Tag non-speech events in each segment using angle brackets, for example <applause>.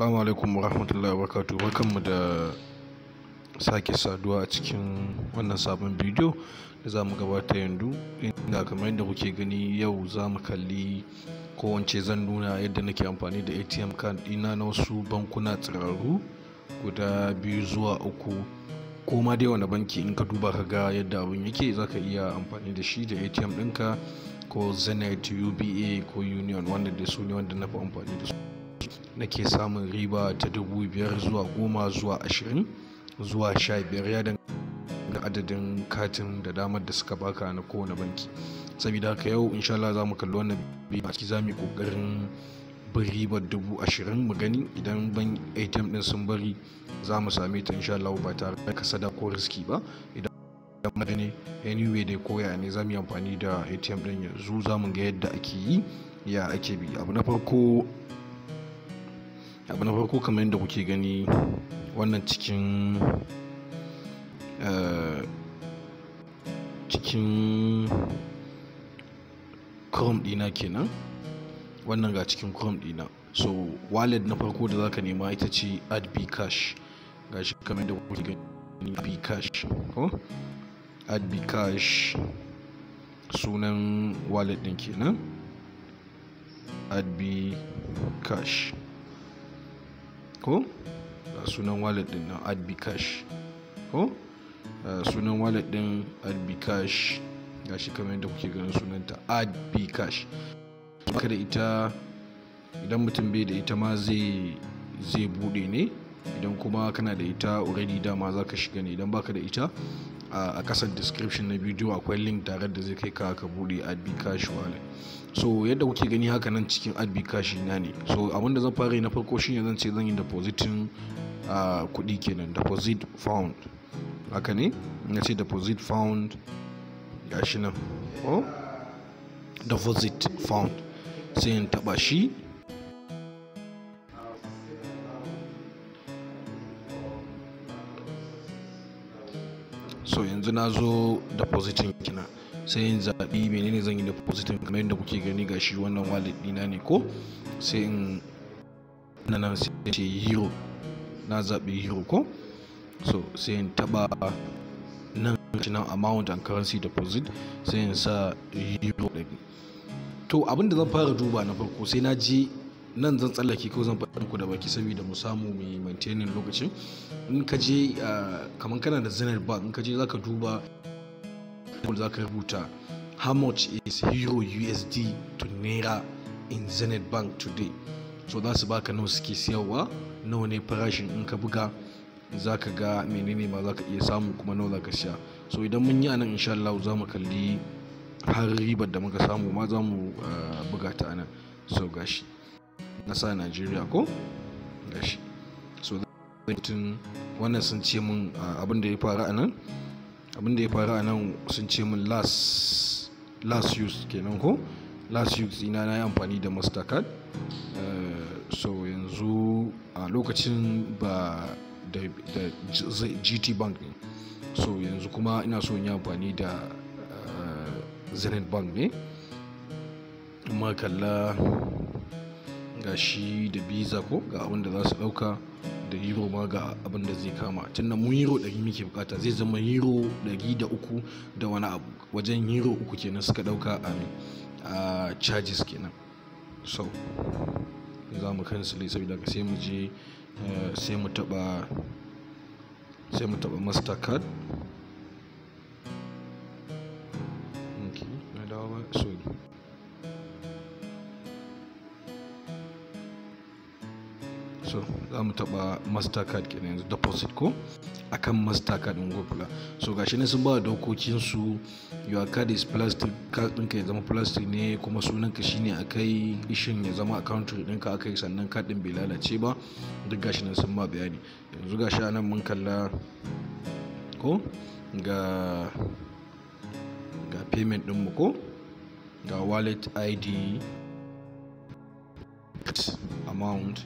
Assalamu alaikum warahmatullahi wabarakatuh barkanmu da sake saduwa a cikin wannan sabon bidiyo da za mu gabata yanzu inda kamar yadda kuke gani yau za mu kalli kowance zan nuna yadda nake amfani da atm card ɗina na wasu bankuna tsirarru guda biyu zuwa uku ko ma dai wani banki in ka duba ka ga yadda abin yake za ka iya amfani da shi da atm ɗinka ko zenith uba ko union wanda da su ne wanda na fi amfani da su nake samun riba ta dubu biyar zuwa goma zuwa ashirin zuwa sha biyar ya dan adadin katin da damar da suka baka na kowane banki saboda haka yau insha Allah za mu kalli wannan biyu a ciki za mu yi kokarin bin ribar dubu ashirin mu gani idan ban atm din sun bari za mu same ta insha Allah ba tare da sada ko riski ba idan da ne anyway dai koya ne za mu yi amfani da atm din yanzu za mu ga yadda ake yi ya ake bi abu na farko abu na farko kamar yadda kuke gani wannan cikin eh, cikin chrome dina kenan wannan ga cikin chrome dina so wallet na farko da zaka nema ita ce adb cash gashi kamar yadda kuke gani adb cash ko adb cash sunan wallet din kenan adb cash ko sunan wallet din na adbcash ko sunan wallet din adbcash gashi kamar yadda kuke ganin sunanta adbcash baka da ita idan mutum bai da ita ma zai zai bude ne idan kuma kana da ita already dama za ka shiga ne idan baka da ita a kasar description na bidiyo akwai link tare da zai kai ka ka bude adbcash wallet so yadda kuke gani haka nan cikin adbi kashi na ne so abinda zan fara yi na farko shi ne zan ce zan yi depositin kuɗi kenan deposit found haka ne na ce deposit found shi nan oh deposit found sai yin taba shi so yanzu na zo depositin kenan sai yin zaɓi menene zan yi depositin kamar yadda kuke gani ga shi wannan wallet ɗina ne ko sai in na nan sai ce euro na zaɓi euro ko so sai in taɓa nan shi nan amount and currency deposit sai in sa euro ɗari to abin da zan fara duba na farko sai na je nan zan tsallake ko zan faɗin ku da baki saboda mu samu mai maintaining lokacin in ka je ah, kamar kana da zinar ba in ka je za ka duba za ka rubuta how much is euro usd to naira in zenith bank today so za su baka nawa suke siyarwa nawa ne farashin in ka buga za ka ga menene ma za ka iya samu kuma nawa za ka siya so idan mun yi a nan insha Allah za mu kalli har ribar da muka samu ma za mu ah, buga ta a nan so gashi na sa Najeriya ko gashi so mutum wannan sun ce mun ah, abin da ya faru anan abin da ya faru a nan sun ce min last last use kenan ko last use ina na yi amfani da mastercard eh, so yanzu a lokacin ba da gt bank ne so yanzu kuma ina so yi amfani da eh, zenith bank ne amma kalla ga shi da biza ko ga abin da za su dauka da euro ma ga abin da zai kama Tun da mu euro 100 muke bukata zai zama euro ɗari da wani abu wajen euro uku kenan suka ɗauka a um, a uh, charges kenan so za mu cancel saboda ka sai mu je uh, sai mu taba sai mu taba mastercard za mu taba mastercard ke yanzu deposit ko akan mastercard in ku so gashi ne sun ba dokokin su your card is plastic card ɗinka ya zama plastic ne kuma sunan ka shine akai ishin ya zama account ɗinka akai sannan card ɗin bai lalace ba duk gashi ne sun ba bayani yanzu gashi anan mun kalla ko ga ga payment ɗinmu ko ga wallet id amount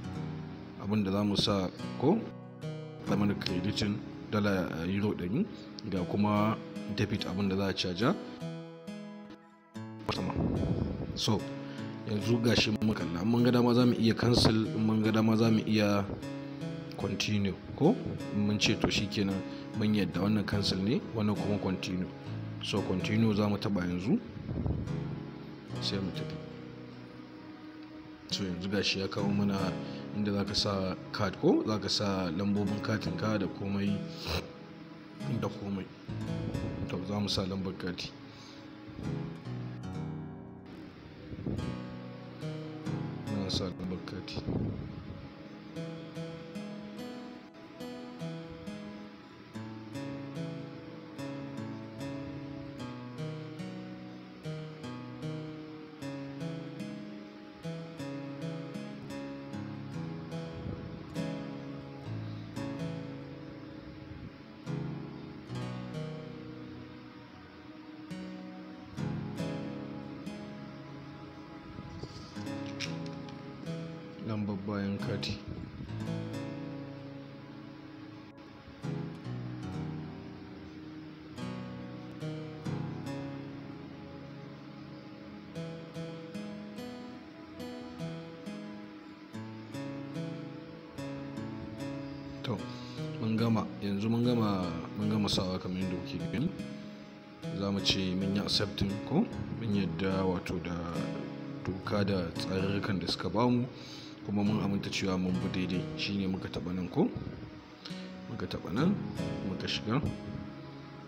abinda za mu sa ko da kreditin dala eh, euro 100 ga kuma debit abinda za a caja so yanzu gashi mun kalla mun ga dama za mu iya cancel mun ga dama za mu iya continue ko mun ce to shikenan mun yadda wannan cancel ne wannan kuma continue so continue za mu taba yanzu sai mu tafi so yanzu gashi ya kawo mana inda za ka sa card ko za ka sa lambobin katin ka da komai da komai to za mu sa lambar kati na sa lambar kati lambar bayan kati to mun gama yanzu mun gama mun gama sawa kamar yadda kuke gani za mu ce mun yi accepting ko mun yadda wato da doka da tsarurrukan da suka bamu kuma mun aminta cewa mun bi daidai shine muka taba nan ko muka taba nan muka shiga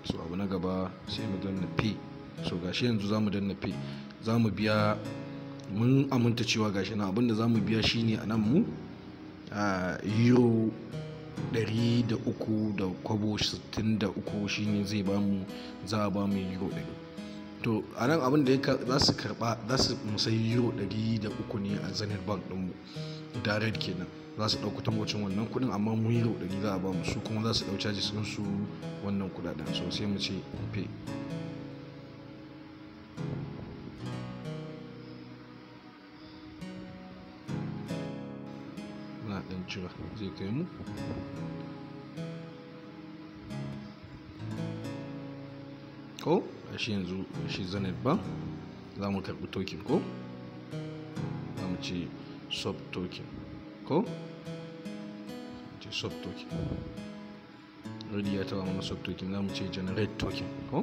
so abu na gaba sai mu danna pay so gashi yanzu za mu danna pay za mu biya mun aminta cewa gashi na abinda za mu biya shine a nan mu a euro 300 da kwabo 63 shine zai bamu za a bamu euro 100 to a nan abin da za su karba za su musayi euro 300 ne a zanen bank ɗinmu direct kenan za su dauki tambacin wannan kuɗin amma mu euro 100 za a ba mu su kuma za su dauki charges su wannan kuɗaɗen so sai mu ce pay na dan jira zai kai mu ko shi yanzu shi zenith ba za mu karbi token ko za mu ce sub token ko sub token already ya taba mana sub token za mu ce generate token ko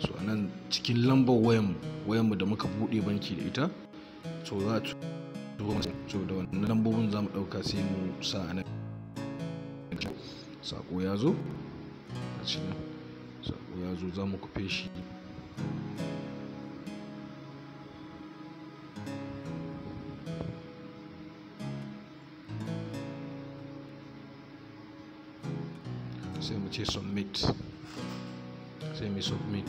so a nan cikin lambar wayanmu da muka bude banki da ita so za a so da wannan lambobin za mu ɗauka sai mu sa anan sako ya zo a cikin ya zo za mu kufe shi sai mu ce submit sai mu submit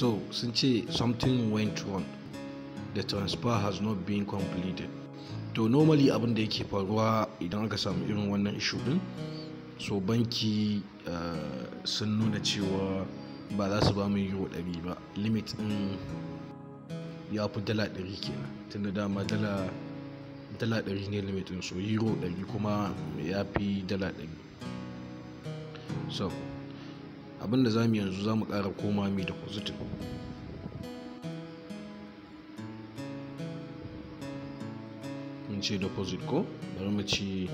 So, sun ce something went wrong. The transfer has not been completed. To normally abin da yake faruwa idan aka samu irin wannan issue din, so banki uh, sun nuna cewa ba za su ba mu euro 100 ba limit din ya fi dala 100 kenan tunda dama dala dala 100 ne limit din so euro 100 kuma ya fi dala 100 so abinda za mu yanzu za mu ƙara koma mai da positive in ce deposit ko bari mu ce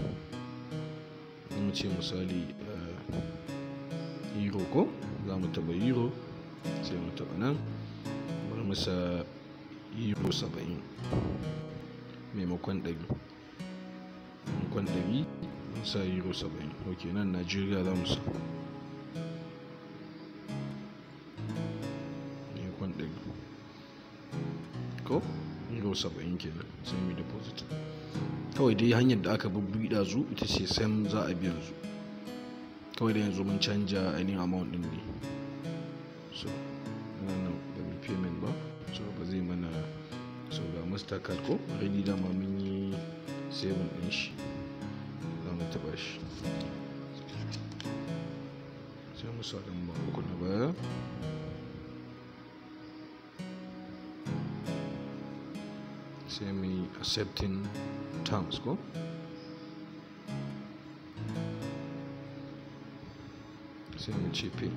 mu ce misali eh, euro ko za mu taɓa euro sai mu taɓa nan bari mu sa euro saba'in maimakon ɗari maimakon ɗari mun sa euro saba'in ok nan najeriya za mu sa 70 kenan yi deposit kawai dai hanyar da aka bubbi ɗazu ita ce sam za a biya yanzu kawai da yanzu mun canja ainihin amount din ne so nan da payment ba so ba zai mana so ga card ko da ma mun yi saving din shi za mu taɓa shi sai mu sa ɗan ba uku na baya semi accepting tongues ko semi GP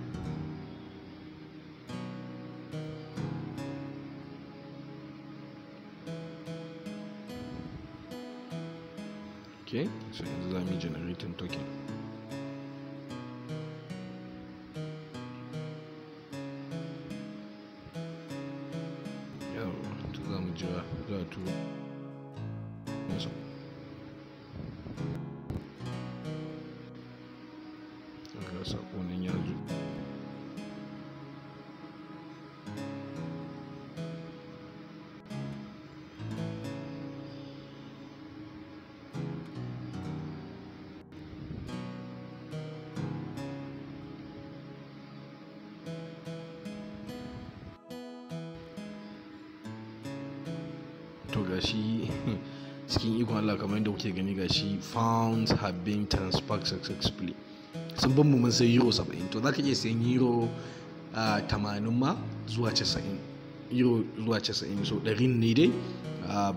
okay so this is me generating token to ga shi <laughs> cikin ikon Allah kamar yadda kuke gani ga shi founds have been transferred successfully sun ban mu mun sai euro 70 to zaka iya sayan euro 80 ma zuwa 90 euro zuwa 90 so 100 ne dai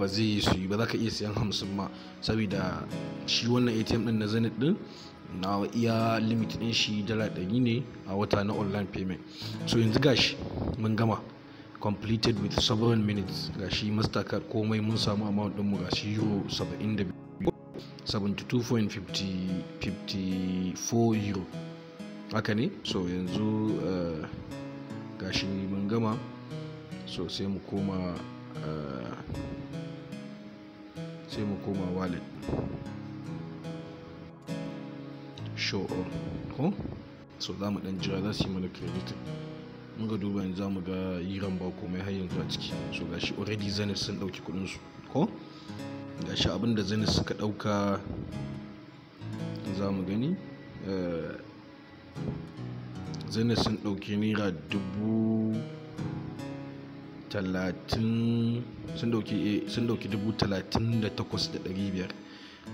ba zai yi su yi ba zaka iya sayan 50 ma saboda shi wannan ATM din na Zenith din na iya limit din shi dala 100 ne a wata na online payment so yanzu gashi mun gama completed with several minutes gashi mastercard komai mun samu amount ɗinmu shi euro 72.54 euro haka ne so yanzu eh, ga shi mun gama so sai mu koma eh, sai mu koma wallet show on ko so za mu dan jira za su yi mana credit muka duba yanzu za mu ga yiran ba komai har yanzu a ciki so gashi already zenith sun ɗauki su ko gashi abin da zenith suka ɗauka za mu gani eh, zenith sun ɗauki naira dubu talatin eh, sun ɗauki dubu talatin da takwas da ɗari biyar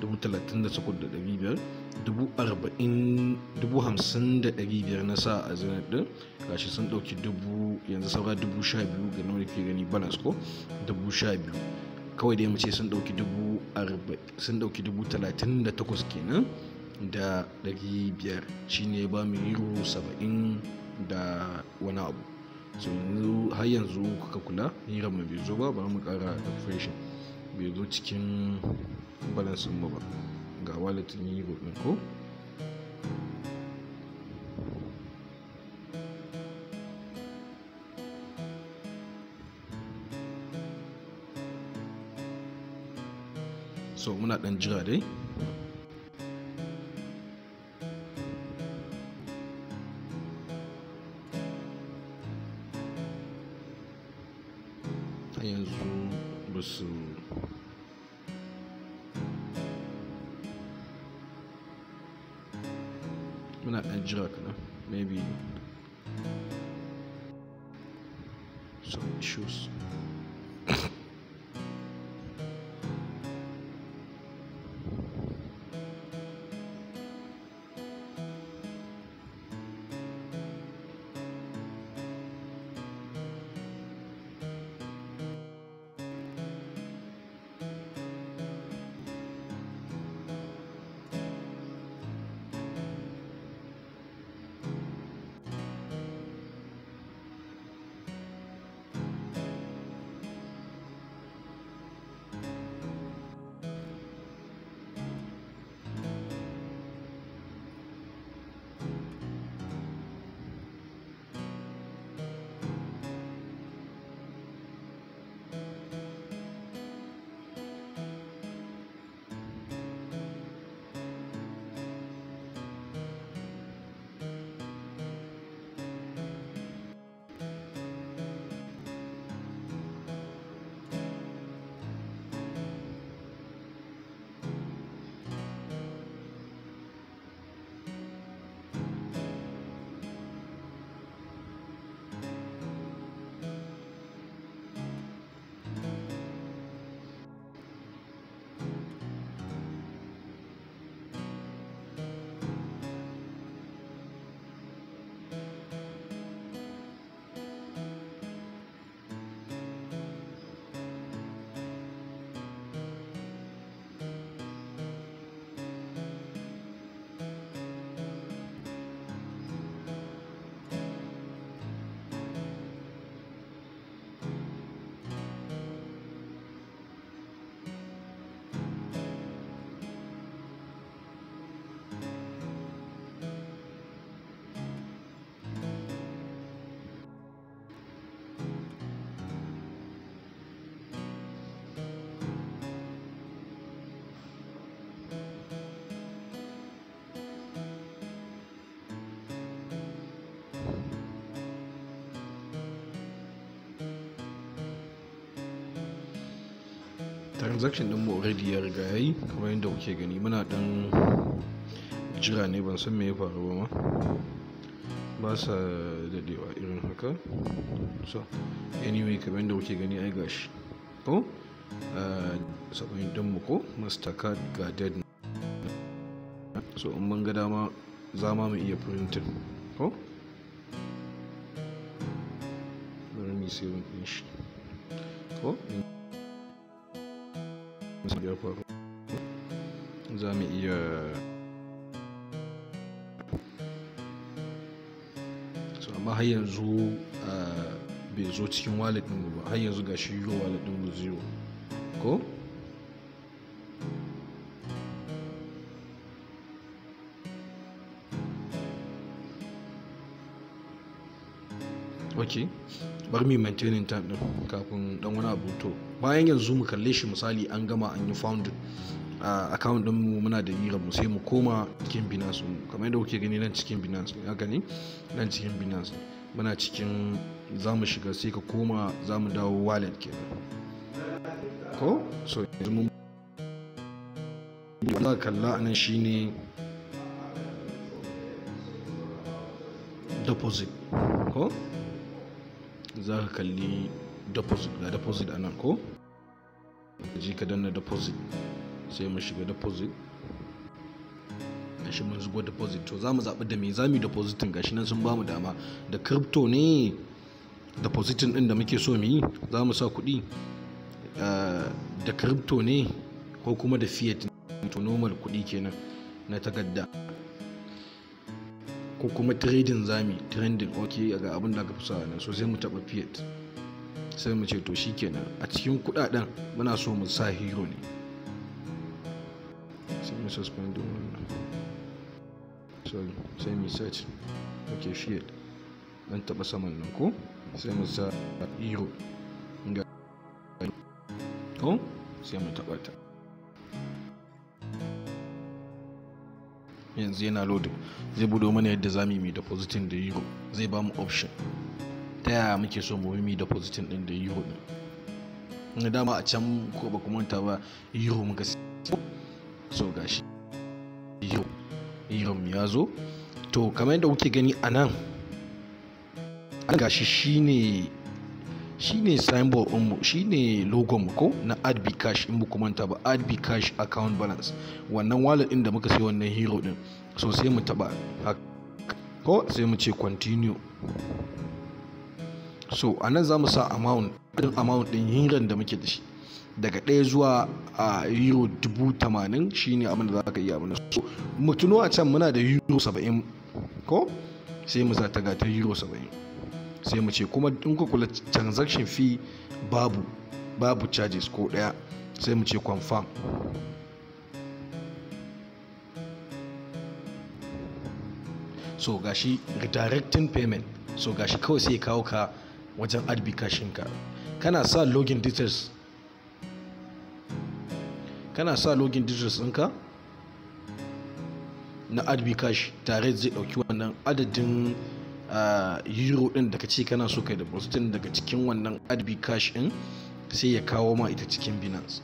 5,500 na sa a zinar din gashi sun dauki dubu yanzu saura dubu sha biyu ga nawa ke gani balance ko dubu sha biyu kawai da ya mace sun dauki dubu sun dauki dubu talatin da takwas kenan da dari biyar shine ba mu ruru saba'in da wani abu so yanzu har yanzu kuka kula hirar mu bai zo ba ba mu kara da bai zo cikin Balan sun ba ba ga wallet yi din ko so muna dan jira dai Well, not a joke, no? Maybe some issues. transaction din mu already ya riga ya yi kamar yadda kuke gani muna dan jira ne ban san me ya faru ba ma ba sa dadewa irin haka so anyway kamar yadda kuke gani ai gashi ko ah, sabon din mu ko mastercard ga dead so in mun ga dama za ma mu iya printin ko bari mu sai saving shi ko ya faru za mu iya so amma har yanzu ah, bai zo cikin wallet ɗin ba har yanzu ga shi yiwu wallet ɗin mu zero ko ok bar mu maintainin time ɗin kafin dan wani abu to bayan yanzu mu kalle shi misali an gama an yi founding a account din mu muna da yiran mu sai mu koma cikin binance mu kamar yadda kuke gani nan cikin binance ne haka ne nan cikin binance muna cikin za mu shiga sai ka koma za mu dawo wallet ke ko so yanzu mun za kalla anan shine deposit ko za ka kalli deposit ga deposit anan ko ji ka danna deposit sai mu shiga deposit gashi mun zubo deposit to za mu zaɓi da me za mu yi depositin gashi nan sun bamu dama da crypto ne depositin ɗin da muke so mu yi za mu sa kuɗi eh, da crypto ne ko kuma da fiat to normal kuɗi kenan na takarda ko kuma trading zami trading ok ga abin da aka fi sa nan so sai mu taɓa fiat sai mu ce to shikenan a cikin kudaden muna so mu sa hero ne sai mu suspend wannan sorry sai mu search okay shit dan taba saman nan ko sai mu sa hero inga ko sai mu taba ta yanzu yana loading zai budo mana yadda zamu yi depositing da euro zai ba mu option ta yaya muke so mu mimi depositin din da euro ne na dama a can ko ba ku manta ba euro muka so gashi euro euro ya zo to kamar yadda kuke gani a nan gashi shine shine symbol ɗinmu shine logon mu ko na adb cash in muku manta ba adb cash account balance wannan wallet ɗin da muka sai wannan hero ɗin so sai mu taba ko sai mu ce continue so a nan za mu sa amount ɗin amount din yiran da muke da shi daga ɗaya zuwa a euro dubu tamanin shine abin da za ka iya abin so mu tuno a can muna da euro saba'in ko sai mu ta ga ta euro saba'in sai mu ce kuma in ku kula transaction fee babu babu charges ko ɗaya sai mu ce confirm so gashi redirecting payment so gashi kawai sai kawo ka wajen adbi kashinka kana sa login details kana sa login details ɗinka na adbi cash tare zai ɗauki wannan adadin eh, euro ɗin da ka ce kana so kai da daga cikin wannan adbi cash ɗin sai ya kawo ma ita cikin binance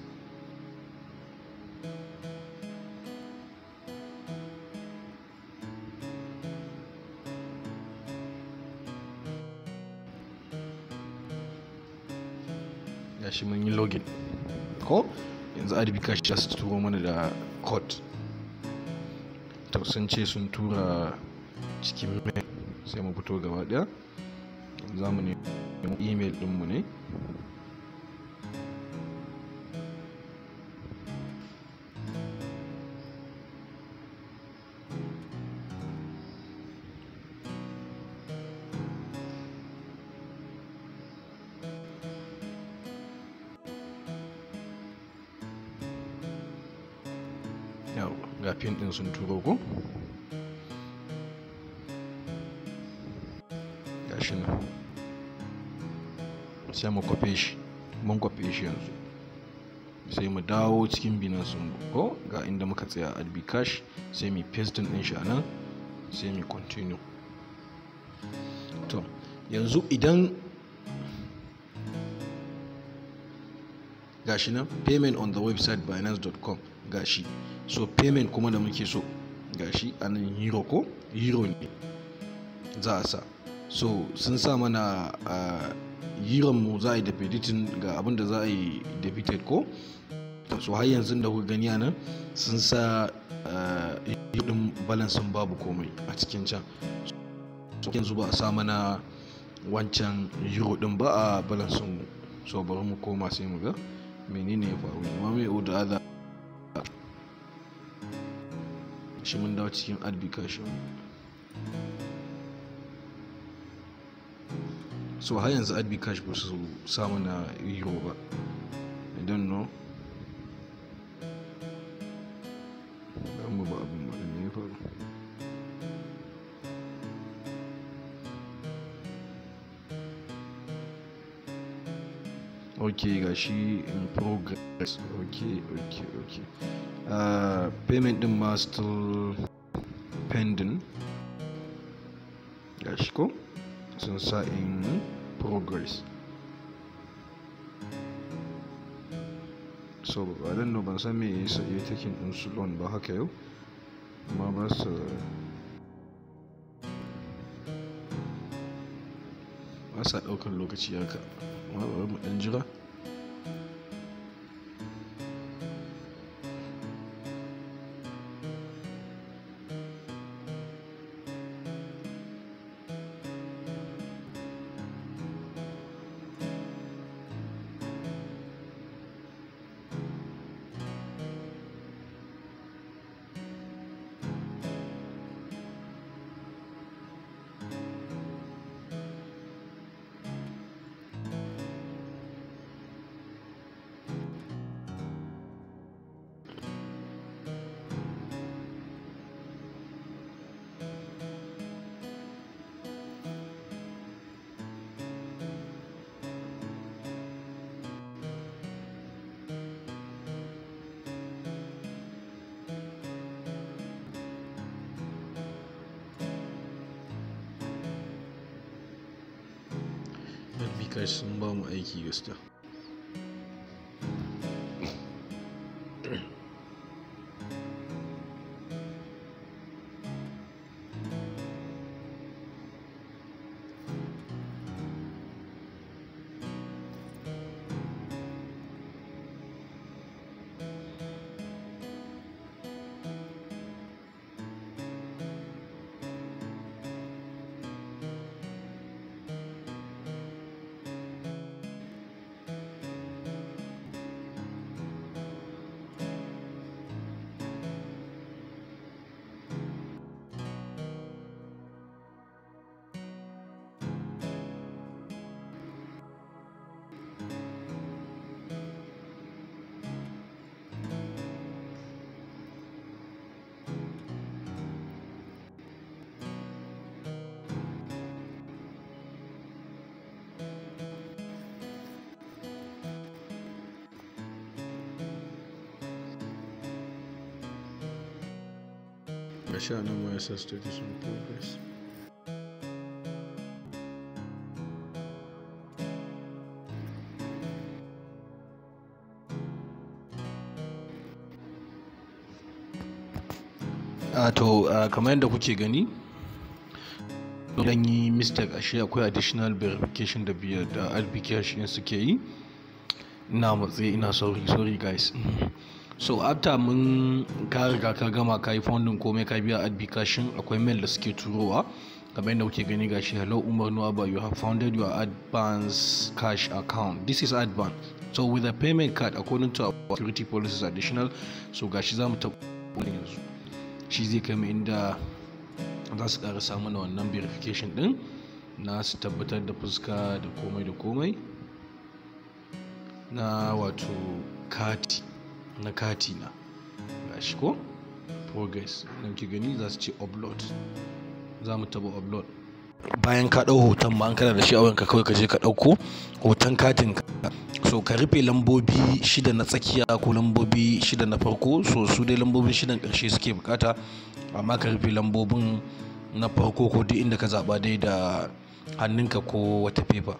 gashi mun yi login ko yanzu rb cash za su turo mana da code to sun ce sun tura cikin mai sai mu fito gaba daya za mu nemi email dinmu ne ga fin ɗin sun turo ko gashi nan sai mu kwafe shi mun kwafe shi yanzu sai mu dawo cikin sun ko ga inda muka tsaya a cash sai mu paste ɗin shi a nan sai mu continue to yanzu idan gashi nan payment on the website binance.com gashi so payment kuma da muke so gashi a nan euro ko euro ne za a sa so sun sa mana a euro mu za a yi debitin ga abinda da za a yi debited ko so har yanzu da kuka gani a nan sun sa yudin balansin babu komai a cikin can so yanzu ba a sa mana wancan euro din ba a balansin mu so bari mu koma sai mu ga menene ya faru ma mai oda shi mun dawo cikin application so har yanzu adbi cash ba su samu na euro ba i don't know ba abin ok ga in progress ok ok ok Uh, payment din ma still pending shi ko sun sa in progress so ba don no ban san me sa yi take din su loan ba haka yau amma ba su ba sa daukar lokaci haka ma ba mu dan jira Kai sun mu aiki gaskiya. Russia studies in progress. Uh, to uh, kamar yadda kuke gani don yi mistake ashe akwai additional verification da biyar da rbk shi suke yi ina matsayi ina sorry sorry guys so after mun ka riga ka gama ka yi ko komai ka biya application akwai mail da suke turowa kamar yadda kuke gani gashi hello umar nuwaba you have founded your advance cash account this is advance so with a payment card according to our security policies additional so gashi za mu ta yanzu shi zai kai mu inda za su ƙara samu na wannan verification din na su tabbatar da fuska da komai da komai na wato kati na kati na shi ko progress nan gani za su ce upload za mu taba upload bayan ka ɗau hoton ma an kana da shi a wayanka kawai ka je ka ɗauko hoton katin ka so ka rufe lambobi shida na tsakiya ko lambobi shida na farko so su dai lambobin shidan ƙarshe suke bukata amma ka rufe lambobin na farko ko duk inda ka zaba dai da hannunka ko wata fefa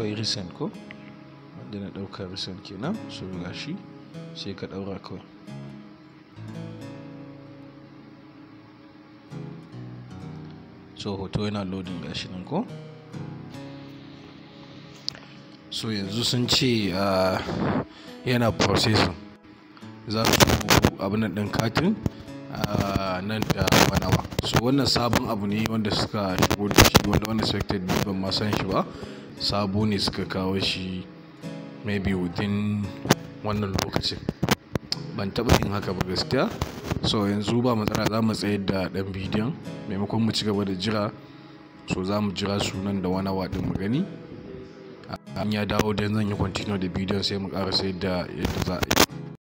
akwai recent ko wanda na dauka recent kenan so gashi sai ka daura kawai so hoto yana loading gashi nan ko so yanzu sun ce ah, yana processing za su abin din katin ah, nan da wadawa so wannan sabon abu ne wanda suka shigo da shi wanda wannan sector ban ma san shi ba sabo ne suka kawo shi maybe within wannan lokacin ban taba yin haka ba gaskiya so yanzu ba matsala za mu tsayar da ɗan bidiyon maimakon mu ci gaba da jira so za mu jira sunan da wani waɗin mu gani an ya dawo don zan yi continue da bidiyon sai mu ƙara sayar da yadda za a yi